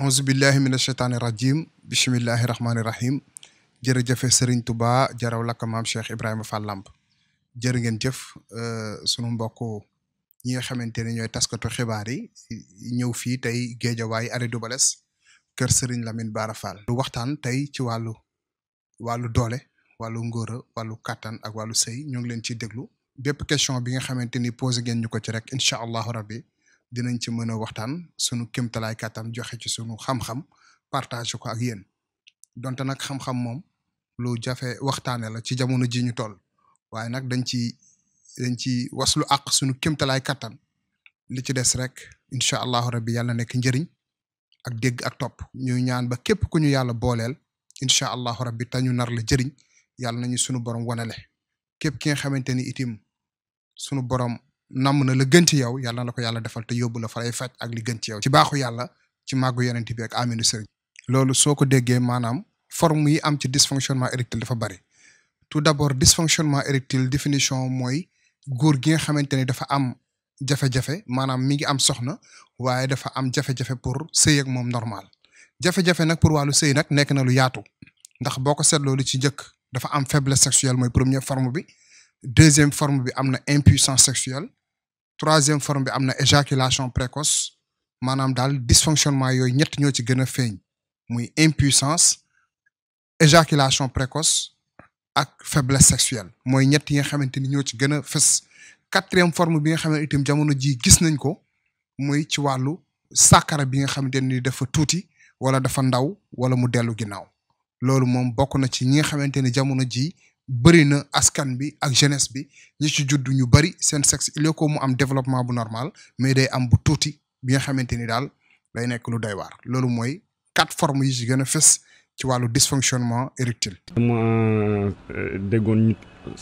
أعوذ بالله من الشيطان الرجيم بسم الله الرحمن الرحيم جير جيف سيرن توبا جاراو لاك مام شيخ ابراهيم فالامب جير نين جيف ا سونو مبوكو نيي خامتيني نيو تاسكاتو خيباري نيو في تاي گيجا واي اري دوبلس كير سيرن لامين بارفال دو وقتان تاي تي والو والو دوله والو نغور والو كاتان اك سي نيو لين تي دغلو بيب كيسيون بيغا خامتيني بوز گين نكو تي ريك ان شاء الله ربي dinañ ci mën a waxtaan sunu kéemtalaay kàttan joxe ci sunu xam-xam partage ko ak yéen donte nag xam-xam moom lu jafe waxtaane la ci jamono ji ñu toll waaye nag dañ ci dañ ci waslu ak sunu kéemtalaay kàttan li ci des rek incha allahu rabbi yàlla nekk njëriñ ak dégg ak topp ñu ñaan ba képp ku ñu yàlla booleel incha allahu rabbi te ñu nar la jëriñ yàlla nañu sunu borom wanale képp ki nga xamante ni itim sunu borom. namm na la gën ci yow yàlla na la ko yàlla defal te yóbbu la faray faj ak li gën ci yow ci baaxu yàlla ci màggu yonent bi ak aminu sëriñ loolu soo ko déggee maanaam forme yi am ci dysfonctionnement érectile dafa bari tout d'abord dysfonctionnement érectile définition mooy góor gi nga xamante ni dafa am jafe-jafe maanaam mi ngi am soxna waaye dafa am jafe-jafe pour sëy moom normal jafe-jafe nag pour wàllu sëy nag nekk na lu yaatu ndax boo ko seetloo lu ci njëkk dafa am faiblesse sexuelle mooy forme bi deuxième forme bi am na impuissance sexuelle troisième forme bi am éjaculation précoce manam dal dysfonctionnement yoy ñet ñoo ci gën a muy impuissance éjaculation précoce ak faiblesse sexuelle moy ñet yi nga xamanteni ni ñoo ci gën a quatrième forme bi nga xam ne jamono ji gis nañ ko muy ci walu sàkkara bi nga xamanteni dafa tuuti wala dafa ndaw wala mu dellu ginaaw loolu moom bokk na ci ñi nga xamanteni jamono ji bëri askan bi ak jeunesse bi ñi ci juddu ñu bari sen sexe il mu am développement bu normal mais day am bu touti bi nga xamanteni dal daal day nekk lu doy war lolu moy quatre formes yi ci gëna fess ci walu dysfonctionnement érectile. dama euh, déggoon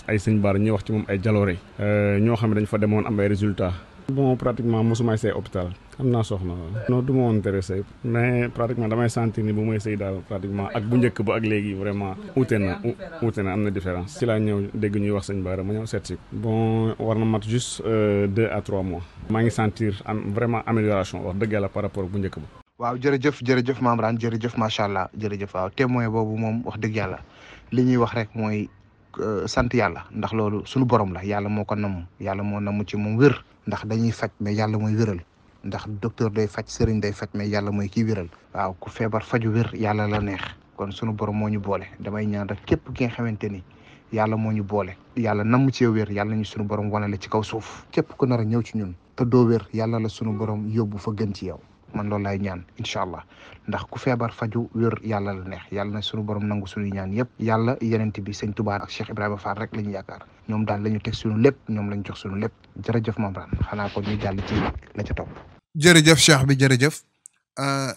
ay sëñ bar ñi wax ci mom ay jaloore. euh ño xamé dañ fa demoon am ay résultats. bon pratiquement mosuma sé hôpital. am na soxna non du ma woon intéressé mais pratiquement damay sentir ni bu may sëy daal pratiquement ak bu njëkk ba ak léegi vraiment uute na uute na am na différence si laa ñëw dégg ñuy wax sëñ Bara ma ñëw seet si bon war na mat juste euh, deux à trois mois maa ngi sentir am vraiment amélioration wax dëgg yàlla par rapport ak bu njëkk ba waaw jërëjëf jërëjëf Mame Rane jërëjëf macha allah jërëjëf waaw témoin boobu moom wax dëgg yàlla li ñuy wax rek mooy euh, sant yàlla ndax loolu suñu borom la yàlla moo ko namm yàlla moo namm ci moom wér ndax dañuy faj mais yàlla mooy wéral ndax docteur day faj sëriñ day faj mais yàlla mooy kii wéral waaw ku feebar faju wér yàlla la neex kon sunu borom moo ñu boole damay ñaan rek képp ki nga xamante ni yàlla moo ñu boole yàlla namm ci wér yàlla ñu sunu borom wanale ci kaw suuf képp ku nar a ñëw ci ñun te doo wér yàlla la sunu borom yóbbu fa gën ci yow man loolu laay ñaan incha allah ndax ku feebar faju wér yàlla la neex yàlla na sunu borom nangu suñuy ñaan yëpp yàlla yenent bi sëñ Tuubaa ak Cheikh Ibrahima Fall rek la ñu yaakaar ñoom daal la ñu teg suñu lépp ñoom la jox suñu lépp jërëjëf Mame Rane xanaa ko jàll ci la ca topp jërëjëf cheikh bi jërëjëf euh,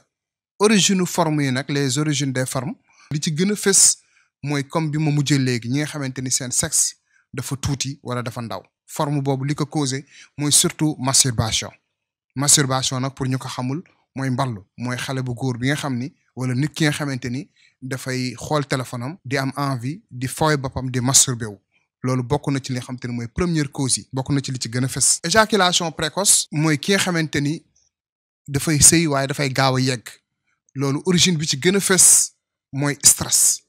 origine forme yi nag les origines des formes li ci gëna fess moy comme bi mo mujjee léegi ñi nga xamanteni sen sexe dafa tuti wala dafa ndaw forme bobu li ko causé moy surtout masturbation masturbation nak pour ñu ko xamul moy mballu moy xalé bu goor bi nga xamni wala nit ki nga xamanteni da fay xol téléphone di am envie di foy bopam di masturbé wu loolu bokk na ci li xamanteni moy première cause yi bokku na ci li ci gëna fess éjaculation précoce moy ki nga xamanteni dafay sëy waaye dafay gaaw a yegg loolu origine bi ci gën a fës mooy stress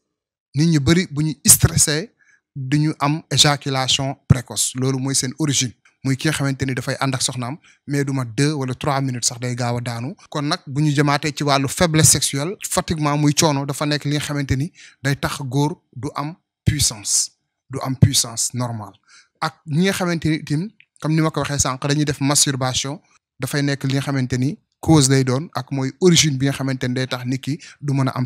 nit ñu bëri bu ñu stressé du am éjaculation précoce loolu mooy seen origine muy ki nga xamante ni dafay ànd ak soxnaam mais du ma deux wala trois minutes sax day gaaw a daanu. kon nag bu ñu jëmaatee ci wàllu faiblesse sexuelle fatiguement muy coono dafa nekk li nga xamante ni day tax góor du am puissance du am puissance normal ak ñi nga xamante ni itam comme ni ma ko waxee sànq dañuy def masturbation dafay nekk li nga xamante ni cause lay doon ak moy origine bi nga xamantene day tax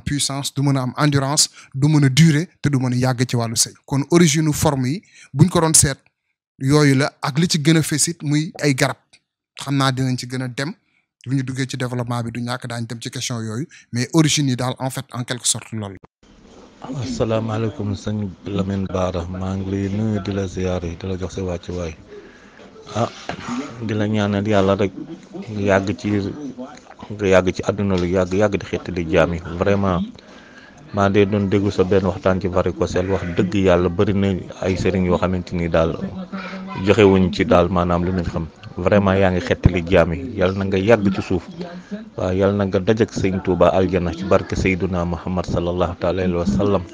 puissance du mën am endurance du est durer te du mën yagg ci walu sëy kon origine forme yi buñ ko doon set yoyu la ak li ci muy ay garab dinañ ci développement bi du ñak dem ci question mais origine yi en fait en quelque sorte loolu Lamine la ah di la ñaanal yàlla rek nga yàgg ci nga yàgg ci àdduna lu yàgg yàgg di xettali jaam yi vraiment maa dee doon déglu sa benn waxtaan ci varicocèle wax dëgg yàlla bëri na ay sëriñ yoo xamante ni daal joxewuñ ci daal maanaam lu ñu xam vraiment yaa ngi xettali jaam yi yàlla na nga yàgg ci suuf waaw yàlla na nga dajak sëñ Touba aljana ci barke Seyduna Muhammad sallallahu taala alayhi wa sallam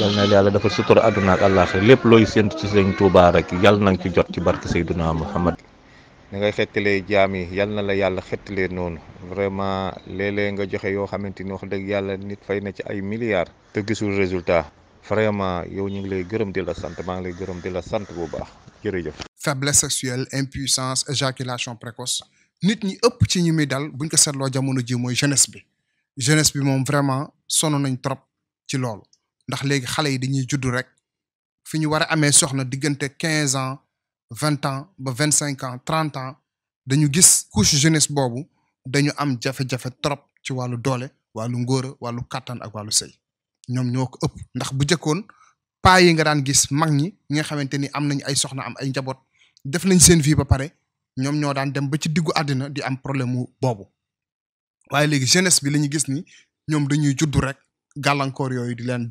yal na yalla dafa sutura aduna ak àllaaxira lepp loy sent ci sëñ touba rek yal na ci jot ci barke Seyduna Muhammad ni ngay xettalee jami yi yal na la yàlla xettalee noonu vraiment léeg-léeg nga joxe yo xamante wax deug yalla nit fay na ci ay milliards te gisul résultat vraiment yow ñing lay gërëm di la sant maa ngi lay gërëm di la sant bu baax jërëjëf. faiblesse sexuelle impuissance éjaculation précoce nit ñi ëpp ci ñi muy dal buñ ko seetloo jamono ji moy jeunesse bi jeunesse bi moom vraiment sonu nañ trop ci loolu. ndax léegi xale yi dañuy juddu rek fi ñu war a amee soxna diggante quinze ans vingt ans ba vingt cinq ans trente ans dañu gis couche jeunesse boobu dañu am jafe-jafe trop ci wàllu doole wàllu ngóora wàllu kàttan ak wàllu sëy ñoom ñoo ko ëpp ndax bu jëkkoon paa yi nga daan gis mag ñi nga xamante ni am nañ ay soxna am ay njaboot def lañ seen vie ba pare ñoom ñoo daan dem ba ci diggu àddina di am problème mu boobu waaye léegi jeunesse bi la gis ni ñoom dañuy judd rek gàllankoor yooyu di leen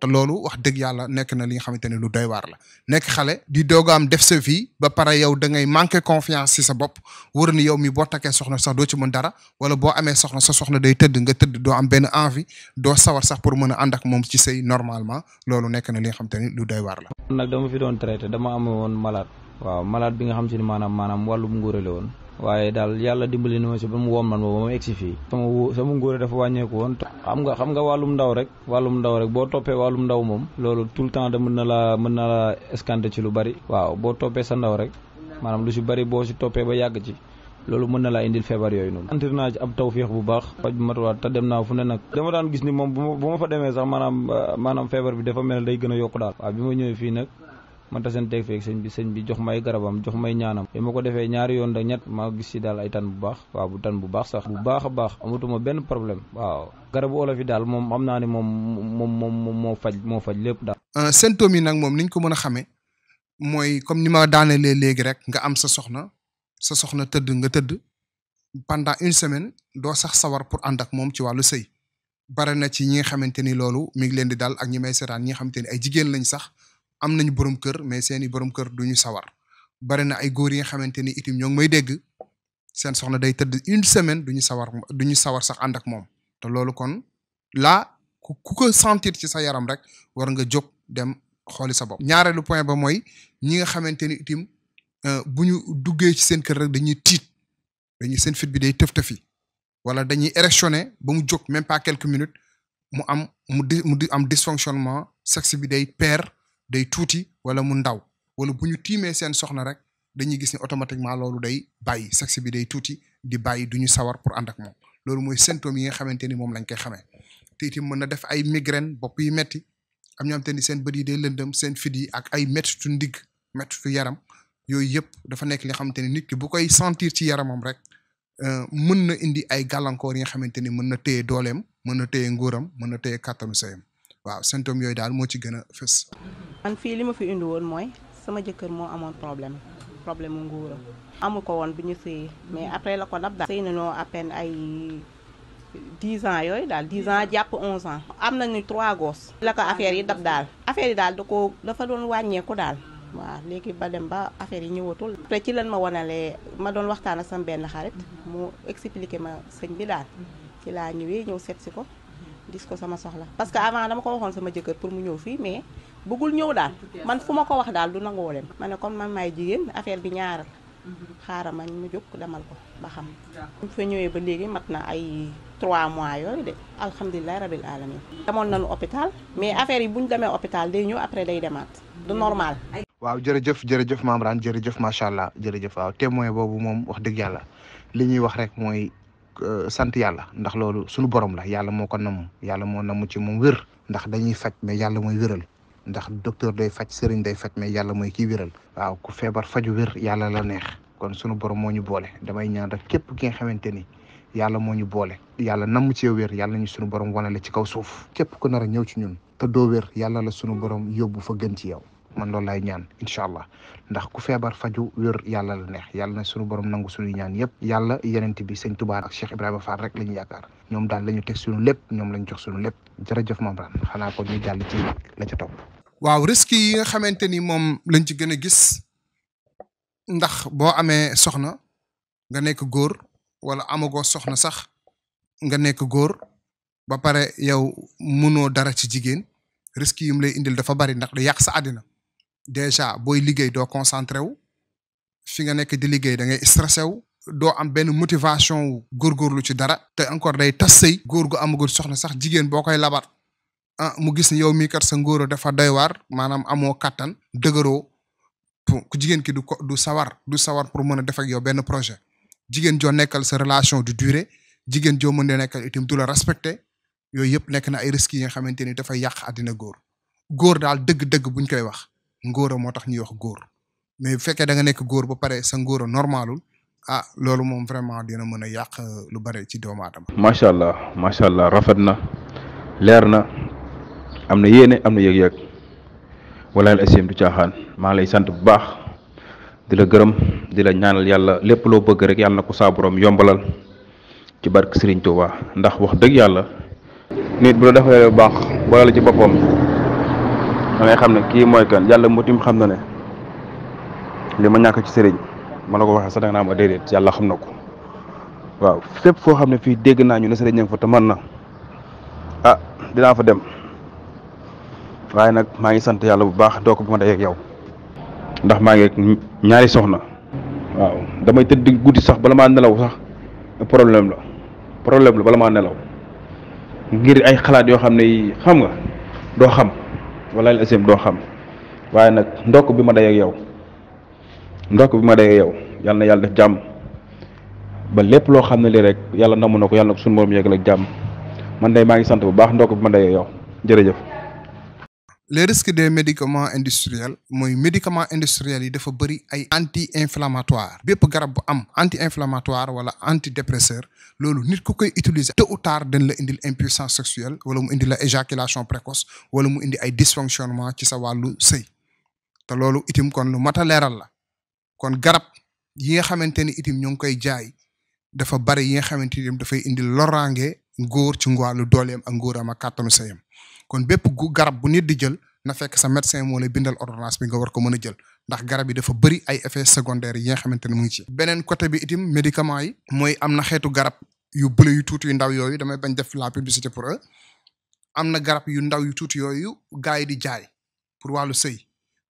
te loolu wax dëgg yàlla nekk na li nga xamante ne lu doy waar la nekk xale di doog am def sa vie ba pare yow da ngay manqué confiance si sa bopp wër ni yow mi boo takkee soxna sax doo ci mën dara wala boo amee soxna sa soxna day tëdd nga tëdd doo am benn envie doo sawar sax pour mën a ànd ak moom ci sëy normalement loolu nekk na li nga xamante ni lu doy waar la. nag dama fi doon dama am woon malade. waaw malade bi nga xam si ne maanaam maanaam wàllum nguurale woon. waaye daal yàlla dimbali na ma si ba mu woom man ma ba ma egsi fii sama sama ngóore dafa wàññeeku woon xam nga xam nga wàllum ndaw rek wàllum ndaw rek boo toppee wàllum ndaw moom loolu tout le temps da mën na laa mën na laa escanté ci lu bari waaw boo toppee sa ndaw rek maanaam lu si bari boo si toppee ba yàgg ci loolu mën na laa indil feebar yooyu noonu antir naa ci ab tawféex bu baax faj bu matuwaat te dem naa fu ne nag dama daan gis ni moom bu ma fa demee sax maanaam maanaam feebar bi dafa mel day gën a yokku daal waaw bi ma ñëwee fii nag ta tasanteeg feeg sëñ bi sëñ bi jox may garabam jox may ñaanam bi ma ko defee ñaari yoon da ñet ma gis ci daal ay tan bu baax waaw bu tan bu baax sax bu baax a baax amatuma benn problème waaw garabu olof yi daal moom xam naa ne moom moom moom moo faj moo faj lépp daal euh, symptômes yi nag moom niñ ko mën a xamee comme ni ma daanelee léegi rek nga am sa soxna sa soxna tëdd nga tëdd pendant une semaine doo sax sawar pour ànd ak moom ci wàllu sëy bare na ci ñi nga xamante ni loolu mi ngi leen di dal ak ñi may ñi nga ay jigéen lañ sax am nañu borom kër mais seeni borom kër du ñu sawar bari na ay góor yi nga xamante ni itim ñoo ngi may dégg seen soxna day tëdd une semaine du ñu sawar du sawar sax ànd ak moom te loolu kon laa ku ko sentir ci sa yaram rek war nga jóg dem xooli sa bopp. ñaareelu point ba mooy ñi nga xamante ni itim euh, bu ñu duggee ci seen kër rek dañuy tiit dañuy seen fit bi day tëf tëfi wala dañuy érectionné ba mu jóg même pas quelques minutes mu am mu di mu di am dysfonctionnement sexe bi day pair. day tuuti wala mu ndaw wala bu ñu tiimee seen soxna rek dañuy gis ne automatiquement loolu day bàyyi sexe bi day tuuti di bàyyi du ñu sawar pour ànd ak moom loolu mooy symptômes yi nga xamante ni moom lañ koy xamee te itam mën na def ay migraine bopp yi metti am ñoo xamante ni seen bët yi day lëndëm seen fidi ak ay ndig ndigg mettitu yaram yooyu yëpp dafa nekk li nga xamante ni nit ki bu koy sentir ci yaramam rek euh, mën na indi ay gàllankoor yi nga xamante ni mën na téye dooleem mën na téye nguuram mën na téye kàttanu sayam waaw symptômes yooyu daal moo ci gën a fës. man fii li ma fi indi woon mooy sama jëkkër moo amoon problème problème mu nguuram amu ko woon bu ñu sëyee mais après la ko dab daal. sëy noo appen ay dix ans yooyu daal dix ans jàpp onze ans. am nañu trois gosses. la ko affaire yi dab daal. affaire yi daal da ko dafa doon wàññeeku daal. waaw léegi ba dem ba affaire yi ñëwatul. après ci lan ma wanalee ma doon waxtaan ak sama benn xarit. mu expliqué ma sëñ bi daal. ci laa ñëwee ñëw seet ko. disko sama soxla parce que avant dama ko waxoon sama jëkkër pour mu ñëw fii mais bëggul ñëw daal man fu ma ko wax daal du nangoo leen ma ne comme man maay jigéen affaire bi ñaaral xaaral ma mu jóg demal ko ba xam mu fa ñëwee ba léegi mat na ay 3 mois yooyu de alhamdulilah rabil alamin demoon nañu hôpital mais affaire yi bu ñu demee hôpital day ñëw après day demaat du normal waaw jërëjëf jërëjëf Mame Rane jërëjëf macha allah jërëjëf waaw témoin boobu moom wax dëgg yàlla li ñuy wax rek mooy Euh, sant yàlla ndax loolu suñu borom la yàlla moo ko namu yàlla moo namu ci moom wér ndax dañuy faj mais yàlla mooy wéral ndax docteur day faj sëriñ day faj mais yàlla mooy kii wéral waaw ku feebar faju wér yàlla la neex kon suñu borom moo ñu boole damay ñaan képp ki nga xamante ni yàlla moo ñu boole yàlla namm ci wér yàlla ñu sunu borom wane la ci kaw suuf képp ku nar a ñëw ci ñun te doo wér yàlla la sunu borom yóbbu fa gën ci yow man loolu lay ñaan incha allah ndax ku feebar faju wér yàlla la neex yàlla na suñu borom nangu suñu ñaan yépp yàlla yenent bi sëñ Tuubaa ak Cheikh Ibrahima Fall rek la ñu yaakaar ñoom daal lañu ñu teg suñu lépp ñoom lañu jox suñu lépp jërëjëf Mame Rane xanaa ko ñu jàll ci la ca topp waaw risque yi nga xamante ni moom lañ ci gën a gis ndax boo amee soxna nga nekk góor wala amagoo soxna sax nga nekk góor ba pare yow munoo dara ci jigéen risque yi mu lay indil dafa bari ndax da yàq sa àddina déjà boy liguey do concentré wu fi nga nek di liguey da ngay stressé wu do am ben motivation gor góorgóorlu ci dara te encore day tas gor góor gu amagul soxna sax jigen bokay koy labat ah mu gis ni yow mi kat sa ngoro dafa doy war manam amo katan dëgëroo ku jigen ki du du sawar du sawar pour meuna def ak yow ben projet jigen jo nekkal sa relation du durée jigen jo mën a nekkal itim du la respecter yooyu yep nek na ay risques yi nga xamante dafa yak adina gor gor dal deug deug buñ koy wax ngoro motax ñuy wax góor mais fekkee da nga nek ba pare sa ngoro normalul ah lolu mom vraiment dina mëna a euh, lu bari ci doom adam macha allah macha allah rafet lerna, leer na am na wala al asim du caaxaan ma lay sante bu baax dila la gërëm di ñaanal yalla lepp lo bëgg rek yalla nako ko yombalal ci barke Serigne Touba ndax wax deug yalla nit bu la baax wala ci bopom da xam ne kii mooy kan yàlla mutim xam na ne li ma ñàkk ci sëriñ ma la ko waxee sax da nga naa ma déedéet yàlla xam na ko waaw fépp foo xam ne fii dégg naa ñu ne sëriñ ñang fa te man na a ah, dinaa fa dem waaye nag maa ngi sant yàlla bu baax doo ko bi ma dayeg yow ndax maa ngi ñaari soxna waaw damay tëdd guddi sax bala maa nelaw sax problème la problème la bala maa nelaw ngir ay xalaat yoo xam ne xam nga doo xam wala la asim doo xam waaye nag ndokk bi ma day ak yow ndokk bi ma day ak yow yàlla na yàlla def jàmm ba lépp loo xam ne lii rek yàlla namu na ko yàlla na ko sunu morom yeggal ak jàmm man day maa ngi sant bu baax ndokk bi ma day ak yow jërëjëf les risques des médicaments industriels mooy médicament industriels yi dafa bëri ay anti inflammatoire bépp garab bu am anti inflammatoire wala antidépresseur loolu nit ku koy utiliser tôt ou tard la indil impuissance sexuelle wala mu indi la éjaculation précoce wala mu indi ay dysfonctionnement ci sa wàllu sëy te loolu itim kon nu mat a leeral la kon garab yi nga xamante ni itim ñu ngi koy jaay dafa bëri yi nga xamante ni dafay indi loraange ngóor ci wàllu doolem a ngóoram ak kàttanu sëyam kon bépp gu garab bu nit di jël na fekk sa médecin mo lay bindal ordonnance bi nga war ko mëna jël ndax garab yi dafa bëri ay effets secondaires yi nga xamanteni mu ngi ci. benen côté bi itim médicament yi. moy am na garab yu bleu yu tout yu ndaw yooyu damay bañ def la publicité pour eux am na garab yu ndaw yu tout yooyu gars yi di jaay pour walu sey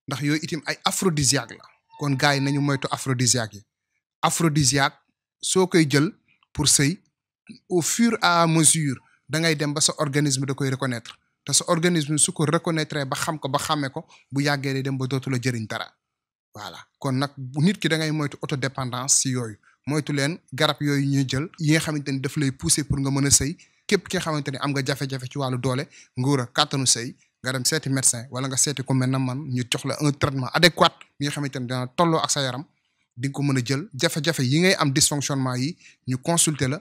ndax yoy itim ay aphrodisiaque la kon gaay nañu moytu aphrodisiaque aphrodisiaque sokay jël pour sey au fur et à mesure da ngay dem ba sa organisme da koy reconnaître. te sa organisme su ko ba xam ko ba xamé ko bu dem ba la voilà kon nit ki da ngay moytu autodépendance si yoy moytu len garap yoy jël yi nga xamanteni daf lay pousser pour nga mëna sey ki xamanteni am nga jafé jafé ci walu doole nguur nga dem médecin wala nga ko mëna man ñu jox un traitement adéquat mi nga xamanteni dana ak sa yaram di ko mëna jël jafé yi ngay am dysfonctionnement yi ñu consulter la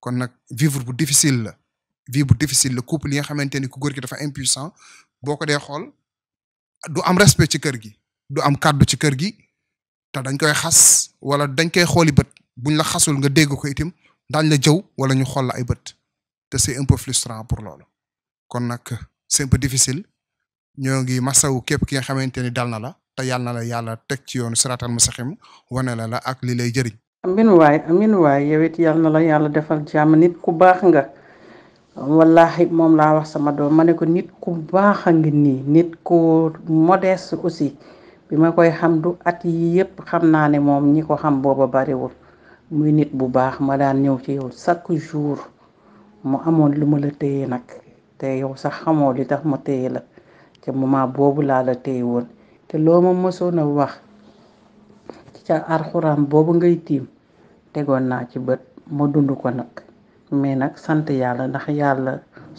kon nag vivre bu difficile la difficile Le couple dafa impuissant du am respect ci du am kàddu ci kër gi te dañ koy xas wala dañ koy xooli bët buñ la xasul nga dégg ko itam daañ la jëw wala ñu la ay te c'est un peu frustrant pour loolu kon nag c'est un peu difficile ñoo ngi masawu képp ki nga xamante ni dal na la na la ci la ak li lay a amin waay amin waay yow it yal na la yàlla defal jàmm nit ku baax nga wallahi moom laa wax sama doom ma ne ko nit ku baax a ngi nii nit ku modeste aussi bi ma koy xam du at yi yëpp xam naa ne moom ñi ko xam booba bariwul muy nit bu baax ma daan ñëw ci yow chaque jour mu amoon lu ma la téye nag te yow sax xamoo li tax ma téye la te moment boobu laa la téye woon te loo ma wax ca arxuraan boobu ngay tiim tegoon naa ci bët ma dund ko nag mais nag sant yàlla ndax yàlla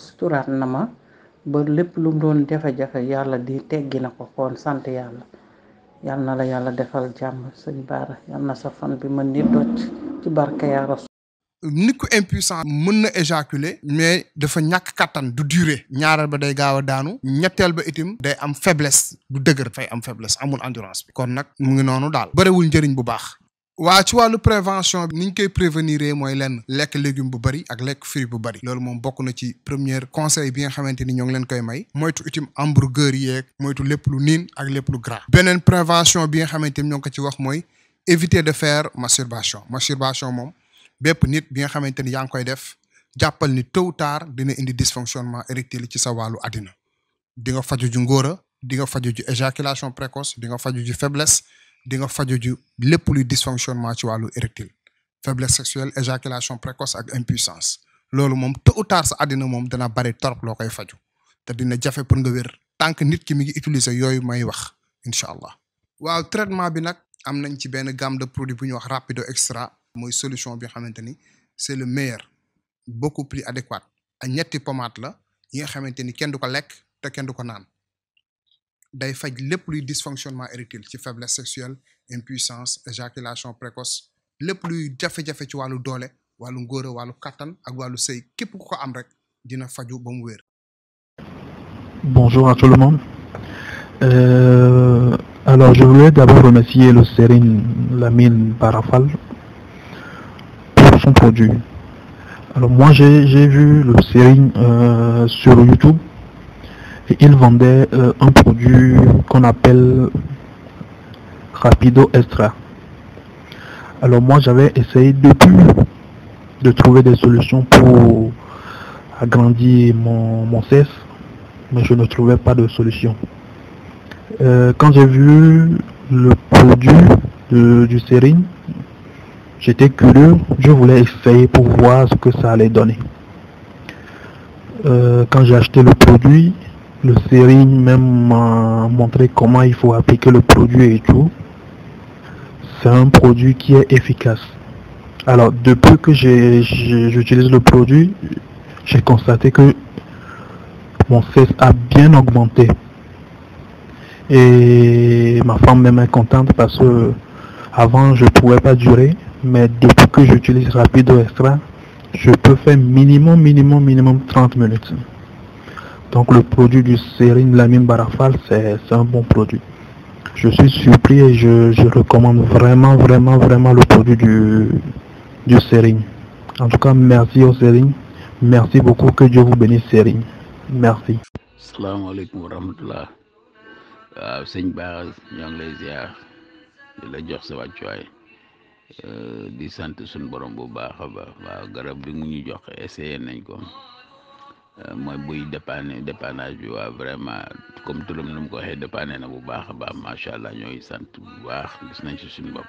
suturaat na ma bët lépp lu mu doon jafe-jafe yàlla di teggi na ko kon sant yàlla yàlla na la yàlla defal jàmm sëñ Bara yàlla sa fan bi mën ni doj ci barke yaa nit ku impuissant mën na éjaculer mais dafa ñàkk kattan du durer ñaareel ba day gaaw a daanu ñetteel ba itim day am faiblesse du dëgër fay am faiblesse amul endurance bi kon nag mu ngi noonu daal bëriwul njëriñ bu baax waa ci wàllu prévention bi ni ñu koy prévenir mooy lenn lekk légume bu bari ak lekk fruit bu bari loolu moom bokk na ci premier conseil bi nga xamante ni ñoo ngi leen koy may moytu itim hamburger yeeg moytu lépp lu niin ak lépp lu gras beneen prévention bi nga xamante ni ñoo ko ci wax mooy éviter de faire masturbation masturbation moom bépp nit bi nga xamante ni yaa ngi koy def jàppal ni tôt ou tard dina indi dysfonctionnement érectile ci sa wàllu adina di nga faju ju ngóora di nga faju ju éjaculation précoce di nga faju ju faiblesse di nga faju ju lépp luy dysfonctionnement ci wàllu érectile faiblesse sexuelle éjaculation précoce ak impuissance loolu moom tôt ou tard sa adina moom dana bari torop loo koy faju te dina jafe pour nga wér tant que nit ki mi ngi utiliser yooyu may wax incha allah waaw traitement bi nag am nañ ci benn gamme de produit bu ñuy wax rapido extra moy solution bi nga c'est le meilleur beaucoup plus adéquat a ñetti pomate la yi nga a kenn duko lek te kenn duko ko naan day faj lepp luy dysfonctionnement érectile ci faiblesse sexuelle impuissance éjaculation précoce lepp luy jafé jafé ci walu doole walu ngoro walu katan ak walu sey képp ku ko am rek dina faju ba mu wér. Bonjour à tout le monde. Euh, alors je voulais d'abord remercier le la Lamine Barafal produit. Alors moi j'ai vu le Sering euh, sur YouTube et il vendait euh, un produit qu'on appelle Rapido Extra. Alors moi j'avais essayé depuis de trouver des solutions pour agrandir mon, mon cesse mais je ne trouvais pas de solution. Euh, quand j'ai vu le produit de, du Sering, J'étais curieux, je voulais essayer pour voir ce que ça allait donner. Euh, quand j'ai acheté le produit, le série même m'a montré comment il faut appliquer le produit et tout. C'est un produit qui est efficace. Alors depuis que j'utilise le produit, j'ai constaté que mon cesse a bien augmenté. Et ma femme même est contente parce que avant je pouvais pas durer mais depuis que j'utilise Rapido Extra, je peux faire minimum, minimum, minimum 30 minutes. Donc le produit du la Lamine Barafal, c'est un bon produit. Je suis surpris et je, recommande vraiment, vraiment, vraiment le produit du, du En tout cas, merci au sérine. Merci beaucoup. Que Dieu vous bénisse, sérine. Merci. Salam wa Euh, di sant suñ borom bu baax a baax waaw garab bi mu ñu jox essayé nañ ko euh, mooy buy dépanne dépannage bi waaw vraiment comme turam nu mu ko waxee dépanne na bu baax a baax macha allah ñooy sant bu baax gis nañ si suñu bopp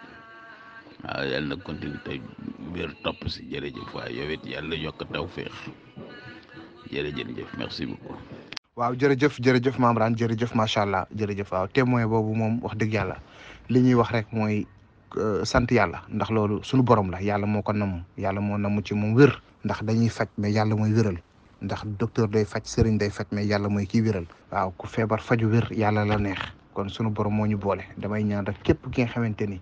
waaw yàlla na continue te wér topp si jërëjëf waaye yow it yàlla taw féex jërëjëf merci beaucoup. waaw jërëjëf jërëjëf Mame jërëjëf macha allah jërëjëf waaw boobu moom wax dëgg yàlla li wax rek mooy. Euh, sant yàlla ndax loolu suñu borom la yàlla moo ko namu yàlla moo namu ci moom wér ndax dañuy faj mais yàlla mooy wéral ndax docteur day faj sëriñ day faj mais yàlla mooy kii wéral waaw ku feebar faju wér yàlla la neex kon sunu borom moo ñu boole damay ñaan rek képp ki nga xamante ni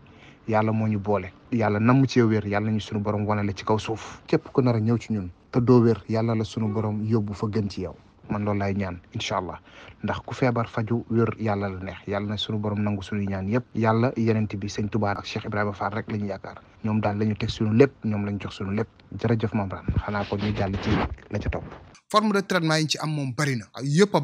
yàlla moo ñu boole yàlla namm ci wér yàlla ñu sunu borom wane la ci kaw suuf képp ku nar a ñëw ci ñun te doo wér yàlla la sunu borom yóbbu fa gën ci yow man loolu laay ñaan incha allah ndax ku feebar faju wér yàlla la neex yàlla na suñu borom nangu suñuy ñaan yëpp yàlla yenent bi sëñ Tuubaa ak Cheikh Ibrahima Fall rek la ñu yaakaar ñoom daal la ñu teg suñu lépp ñoom la ñu jox suñu lépp jërëjëf Mame Rane xanaa ko ñu jàll ci la ca topp forme de ci am moom bari na yëpp a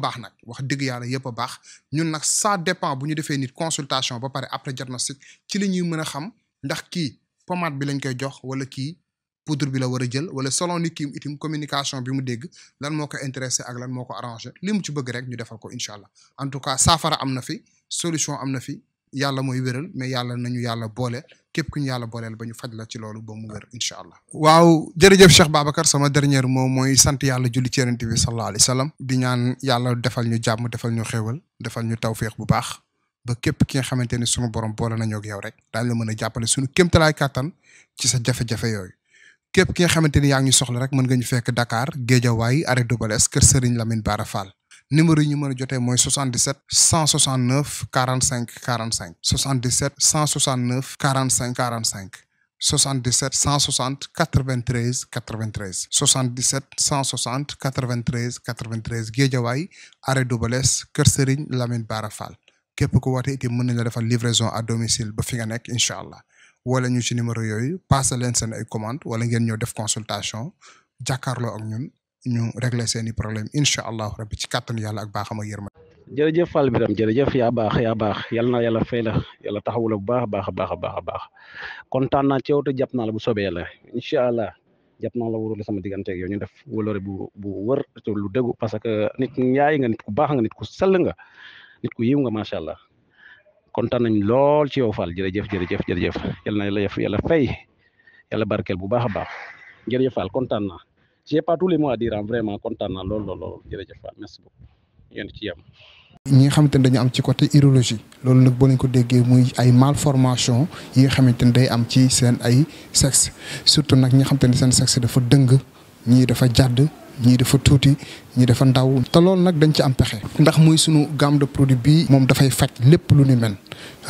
wax dëgg yàlla yëpp a baax ñun nag ça dépend bu ñu defee nit consultation ba pare après diagnostic ci li ñuy mën a xam ndax kii pommade bi lañ koy jox wala kii poudre bi la war a jël wala selon ni kii im communication bi mu dégg lan moo ko intéressé ak lan moo ko arrangé li mu ci bëgg rek ñu defal ko incha allah en tout cas saafara am na fi solution am na fi yàlla mooy wéral mais yàlla na ñu yàlla boole képp ku ñu yàlla booleel ba ñu faj la ci loolu ba mu wér incha allah. waaw jërëjëf Cheikh Babacar sama dernière moom mooy sant yàlla julli ci Yonent bi sallallahu alayhi wa di ñaan yàlla defal ñu jàmm defal ñu xéewal defal ñu tawféex bu baax. ba képp ki nga xamante ne sunu borom boole nañoo yow rek daañu la mën a jàppale sunu kéemtalaay kàttan ci sa jafe yooyu képp ki nga xamante ngi soxla rek Dakar Guédiawaye arrêt Double S Serigne Lamine barafal Fall numéro ñu 77 169 45 45 77 169 45 45 77 160 93 93 77 160 93 93 Guédiawaye arrêt Double S Serigne Lamine barafal Fall képp ku woote livraison à domicile ba fi nga wala ñu ci numéro yooyu passé leen seen ay commande wala ngeen ñëw def consultation jàkkaarloo ak ñun ñu régler seen problème incha allah rabbi ci kàttanu yàlla ak baaxam ak yërma jërëjëf Fall Biram jërëjëf yaa baax yaa baax yal na yàlla fay la yàlla taxawu la bu baax baax baax baax baax ci yow te la bu sobee la incha allah jàpp naa la wóorul sama diggante ak yow ñu def wóolore bu bu wër te lu dëggu parce que nit ñaay nga nit ku baax nga nit ku sell nga nit ku yiw nga macha kontaan nañ lool ci yow Fall jërëjëf jërëjëf jërëjëf yal na yàlla fay yàlla barkeel bu baax a baax jërëjëf Fall kontaan naa ci pas tous les mots à vraiment kontaan naa lool lool lool jërëjëf Fall merci beaucoup yéen ci yam ñi nga xamante ne dañu am ci côté urologie loolu nag boo leen ko déggee muy ay mal formation yi nga xamante ne day am ci seen ay sexe surtout nag ñi xam xamante ne seen sexe dafa dëng ñii dafa jàdd ñii dafa tuuti ñii dafa ndaw te loolu nag dañ ci am pexe ndax muy sunu gamme de produit bi moom dafay faj lépp lu ni men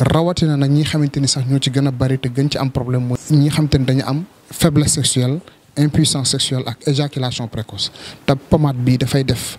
rawatina nag ñi xamante ni sax ñoo ci gën a bari te gën ci am problème mooy ñi xamante ni dañu am faiblesse sexuelle impuissance sexuelle ak éjaculation précoce te pommade bii dafay def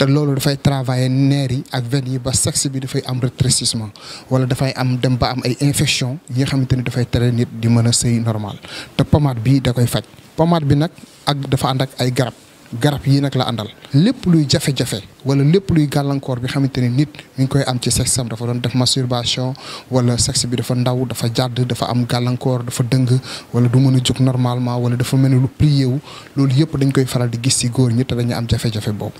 te loolu dafay travailler nerf ak veine yi ba sexe bi dafay am rétrécissement wala dafay am dem ba am ay infection yi nga xamante ni dafay tere nit di mën a sëy normal te pommade bi da koy faj pommade bi nag ak dafa ànd ak ay garab garab yi nag la àndal lépp luy jafe-jafe wala lépp luy gàllankoor bi xamante ni nit mi ngi koy am ci sexe am dafa doon def masturbation wala sexe bi dafa ndaw dafa jàdd dafa am gàllankoor dafa dëng wala du mën a jóg normalement wala dafa mel ni lu plié wu loolu yëpp dañ koy faral di gis si góor ñi te dañu am jafe boobu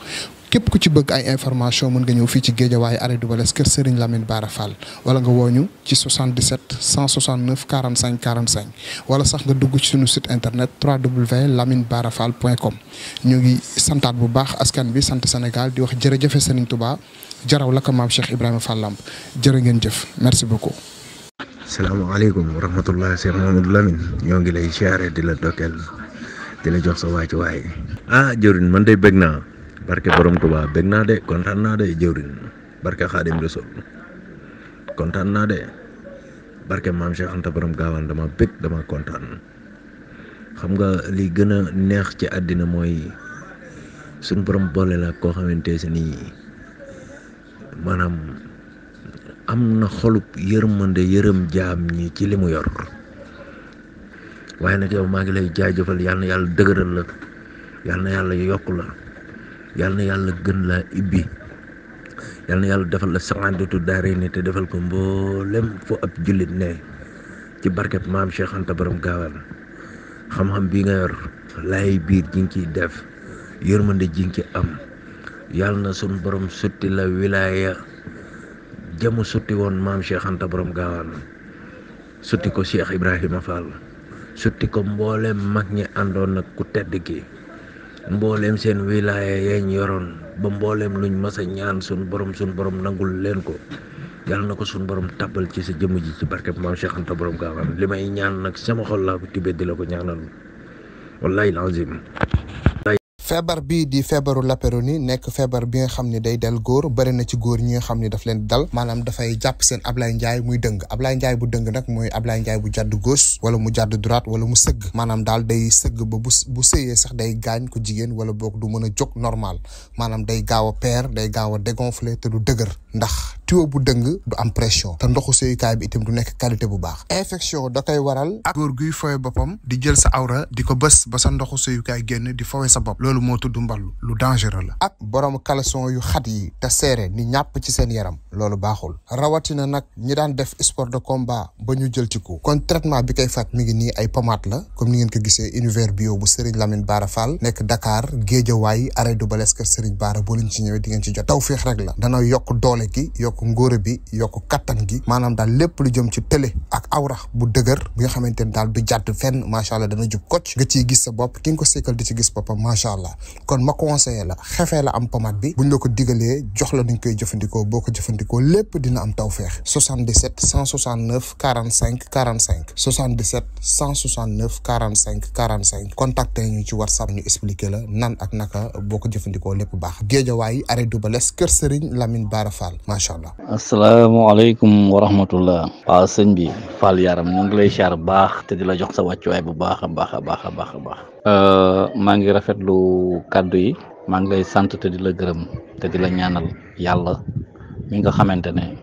képp ku ci bëgg ay information mën nga ñëw fii ci Géejawaay arrêt du Balès kër Serigne Lamine Bara Fall wala nga woo ñu ci 77 169 wala sax nga dugg ci suñu site internet www.laminebarafall.com ñu ngi santaat bu baax askan bi sant Sénégal di wax jërëjëfe Serigne Touba jaraw la ko maam Cheikh Ibrahima Fall Lamp jërë ngeen jëf merci beaucoup. salaamaaleykum wa rahmatulah Cheikh Mamadou Lamine ñoo ngi lay siyaare di la dokkeel di la jox sa waa ci waay ah jëriñ man day bëgg naa. barke borom Tuubaa bég naa de kontaan naa de jëwriñ barke Xaadim Rasuul kontaan naa de barke maam Cheikh Anta boroom gaawaan dama bég dama kontaan xam nga li gën a neex ci àddina mooy suñ borom boole la koo xamante si nii maanaam am na xolub yërmande yërëm jaam ñi ci li mu yor waaye nag yow maa ngi lay jaajëfal yal na yàlla dëgëral la yal na yàlla yokk la yàlla na yàlla gën la ibbi yàlla na yàlla defal la saxaandatu daare ni te defal ko mboolem fu ab jullit ne ci barkeb maam Cheikh Anta borom gaawal xam-xam bi nga yor laay biir ji ngi ciy def yërmande ji ngi ci am yàlla na sun borom sotti la wilaya jamu sotti woon maam Cheikh Anta borom gaawaan sotti ko Cheikh Ibrahima Fall sutti ko mboolem mag ñi àndoon ku tedd gi mbooleem seen wilaaya yeeñ yoroon ba mbooleem luñ mas a ñaan suñ borom suñ borom nangul leen ko yàlla na ko suñ borom tàbbal ci sa jëmm ji ci barkeb maam Cheikh Anta borom Gaawaan li may ñaan nag sama xol laa ko tibbee la ko ñaanal wallahi alazim feebar bii di feebaru ni nekk feebar bi nga xam ne day dell góor bëri na ci góor ñi xam ne daf leen dal maanaam dafay jàpp seen Ablaye Ndiaye muy dëng Ablaye Ndiaye bu dëng nag mooy Ablaye Ndiaye bu jàdd gauche wala mu jàdd droite wala mu sëgg maanaam daal day sëgg ba bu bu sëyee sax day gaañ ko jigéen wala boog du mën a jóg normal maanaam day gaaw a peer day gaaw a dégonfler te du dëgër ndax tuyau bu dëng du am pression te ndoxu seyukaay bi itam du nekk qualité bu baax infection da koy waral ak góor guy fowe boppam di jël sa awra di ko bës ba sa ndoxu seyukaay génn di fowe sa bopp loolu moo tudd mballu lu dangereux la ak boroomu caleçon yu xat yi te seere ni ñàpp ci seen yaram loolu baaxul rawatina nag ñi daan def sport de combat ba ñu jël ci ko kon traitement bi koy faj mi ngi nii ay pommade la comme ni ngeen ko gisee univers bio bu Serigne Lamine Bara Fall nekk Dakar Géejawaay arrêt du Balès kër Serigne Bara boo leen ci ñëwee di ngeen ci jot tawféex rek la dana yokk doole gi yokk ngóore bi yokk kattan gi maanaam daal lépp lu jëm ci télé ak awra bu dëgër bi nga xamante ni daal du jàdd fenn macha allah dana jub kocc nga ciy gis sa bopp ki nga ko sekkal di ci gis boppam ma conseillé la xefee la am pommade bi buñ la ko digalee jox la nuñ koy jëfandikoo boo ko jëfandikoo peu lépp dina am tawféex 77 169 45 45 77 169 45 45 contacté ñu ci whatsapp ñu expliquer la nan ak naka boo ko jëfandikoo lépp baax géejawaay arrêt Dubalès kër Serigne Lamine Bara Fall macha allah. asalaamaaleykum wa rahmatullah. waaw sëñ bi Fall yaram ñu ngi lay siyaar baax te di la jox sa wàccuwaay bu baax a baax a baax a baax a baax. Euh, maa ngi rafetlu kàddu yi maa ngi lay sant te di la te di la ñaanal yàlla. mi nga xamantene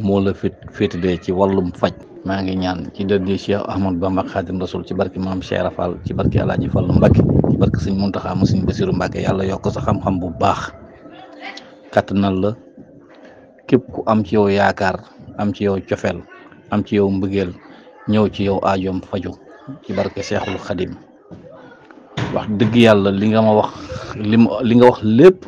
mo la fit féetidee ci walum faj ma ngi ñaan ci di Cheikh Ahmad Bamba khadim Rasul ci barki mam Cheikh Rafal ci barki Alaaji fall Mbàkke ci barki seigne muntaha mu seigne Basiru Mbàkke yalla yok sa xam-xam bu baax kattanal la kep ku am ci yow yaakar am ci yow ciofel am ci yow mbëggeel ñew ci yow ajum faju ci barki cheikhul khadim wax deug yalla li nga ma wax li nga wax lepp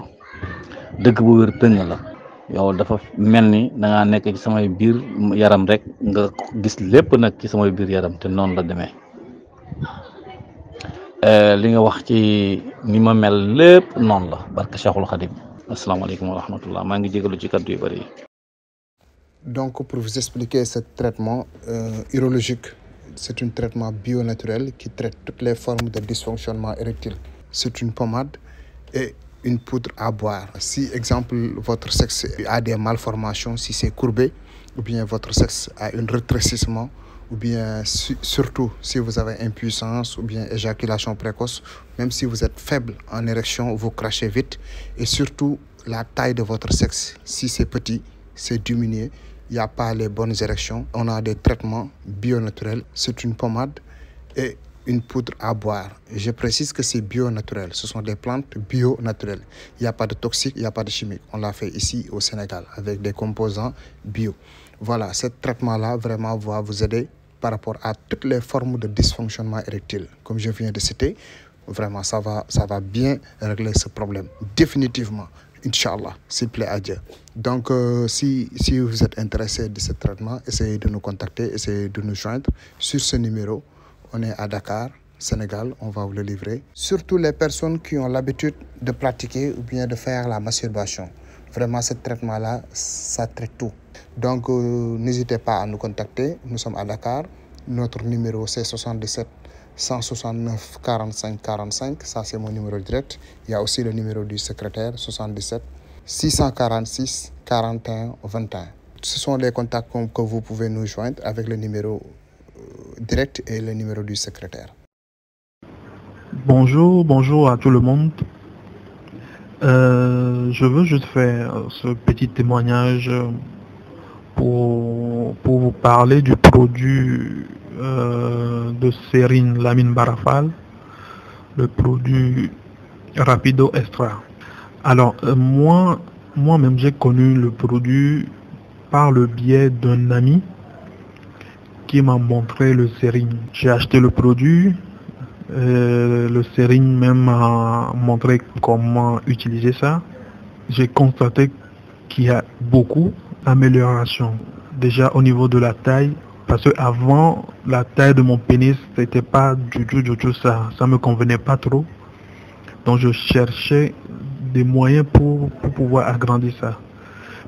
deug bu wër teñ la yow dafa mel ni da ngaa nekk ci samay biir yaram rek nga gis lépp nag ci samay biir yaram te noonu la demee euh, li nga wax ci ni ma mel lépp noonu la barka Cheikhul Khadim asalaamaaleykum wa rahmatullah maa ngi jégalu ci kaddu yu bëri yi. donc pour vous expliquer ce traitement euh, urologique c'est un traitement bio naturel qui traite toutes les formes de dysfonctionnement érectile c'est une pommade et une poudre à boire. Si, exemple, votre sexe a des malformations, si c'est courbé, ou bien votre sexe a un rétrécissement, ou bien surtout si vous avez impuissance ou bien éjaculation précoce, même si vous êtes faible en érection, vous crachez vite, et surtout la taille de votre sexe, si c'est petit, c'est diminué, il n'y a pas les bonnes érections, on a des traitements bio naturels, c'est une pommade, et une poudre à boire. Je précise que c'est bio naturel. Ce sont des plantes bio naturelles. Il n'y a pas de toxique, il n'y a pas de chimique. On l'a fait ici au Sénégal avec des composants bio. Voilà, ce traitement-là vraiment va vous aider par rapport à toutes les formes de dysfonctionnement érectile. Comme je viens de citer, vraiment, ça va, ça va bien régler ce problème. Définitivement. Inch'Allah, s'il plaît à Dieu. Donc, euh, si, si vous êtes intéressé de ce traitement, essayez de nous contacter, essayez de nous joindre sur ce numéro on est à Dakar, Sénégal, on va vous le livrer. Surtout les personnes qui ont l'habitude de pratiquer ou bien de faire la masturbation. Vraiment, ce traitement-là, ça traite tout. Donc, euh, n'hésitez pas à nous contacter. Nous sommes à Dakar. Notre numéro, c'est 77 169 45 45. Ça, c'est mon numéro direct. Il y a aussi le numéro du secrétaire, 77 646 41 21. Ce sont les contacts que vous pouvez nous joindre avec le numéro direct et le numéro du secrétaire. Bonjour, bonjour à tout le monde. Euh, je veux juste faire euh, ce petit témoignage euh, pour, vous parler du produit de Serine Lamine Barafal, le produit Rapido Extra. Alors, moi, moi-même, j'ai connu le produit par le biais d'un ami qui m'a montré le sérine. J'ai acheté le produit, euh, le sérine même m'a montré comment utiliser ça. J'ai constaté qu'il y a beaucoup d'améliorations. Déjà au niveau de la taille, parce qu'avant la taille de mon pénis, c'était pas du tout, du tout ça. Ça me convenait pas trop. Donc je cherchais des moyens pour, pouvoir agrandir ça.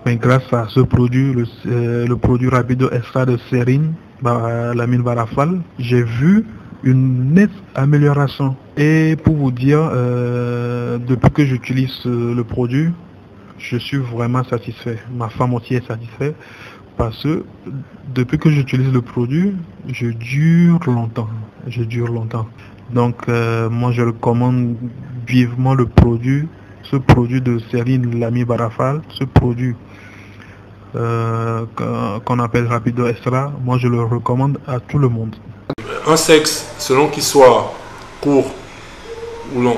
Mais grâce à ce produit, le, euh, produit Rapido Extra de Sérine, bah, Lamine Barafal, j'ai vu une nette amélioration. Et pour vous dire, euh, depuis que j'utilise euh, le produit, je suis vraiment satisfait. Ma femme aussi est satisfaite parce que depuis que j'utilise le produit, je dure longtemps. Je dure longtemps. Donc euh, moi je recommande vivement le produit, ce produit de Céline Lamy Barafal, ce produit euh, qu'on appelle Rapido Extra, moi je le recommande à tout le monde. Un sexe, selon qu'il soit court ou long,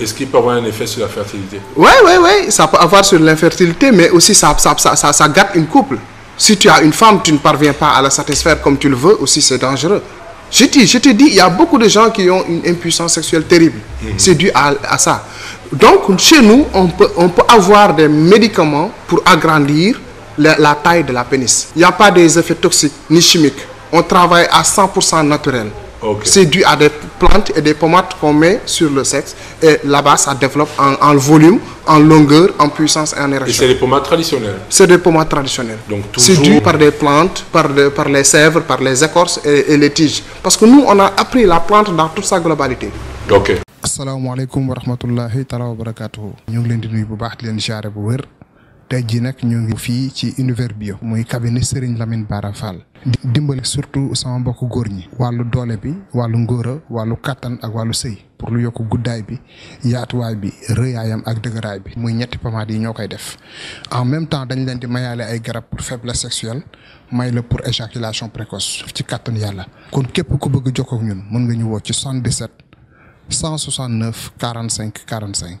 Est-ce qu'il peut avoir un effet sur la fertilité Oui, oui, oui, ça peut avoir sur l'infertilité, mais aussi ça, ça, ça, ça, gâte une couple. Si tu as une femme, tu ne parviens pas à la satisfaire comme tu le veux, aussi c'est dangereux. Je te, je te dis, il y a beaucoup de gens qui ont une impuissance sexuelle terrible. Mhm. C'est dû à, ça. Donc, chez nous, on peut, on peut avoir des médicaments pour agrandir la, taille de la pénis. Il n'y a pas des effets toxiques ni chimiques. On travaille à 100% naturel. C'est dû à des plantes et des pommades qu'on met sur le sexe. Et là-bas, ça développe en, volume, en longueur, en puissance et en érection. Et c'est des pommades traditionnelles C'est des pommades traditionnelles. Donc toujours... C'est dû par des plantes, par, les sèvres, par les écorces et, les tiges. Parce que nous, on a appris la plante dans toute sa globalité. Ok. Assalamu alaikum wa rahmatullahi wa tey nak ñu ngi fi ci univers bio muy cabinet Serigne Lamine Bara Fall surtout sama mbokk góor ñi wàllu doole bi walu ngóora walu katan ak walu sey pour lu yok guddaay bi way bi rëyaayam ak dëgëraay bi muy ñetti pommades yi ñoo def en même temps dañ leen di mayalé ay garab pour faiblesse sexuel may la pour éjaculation précoce ci katan yalla kon képp ku bëgg jokk ak ñun mën nga ñu wo ci 77 169 45 45.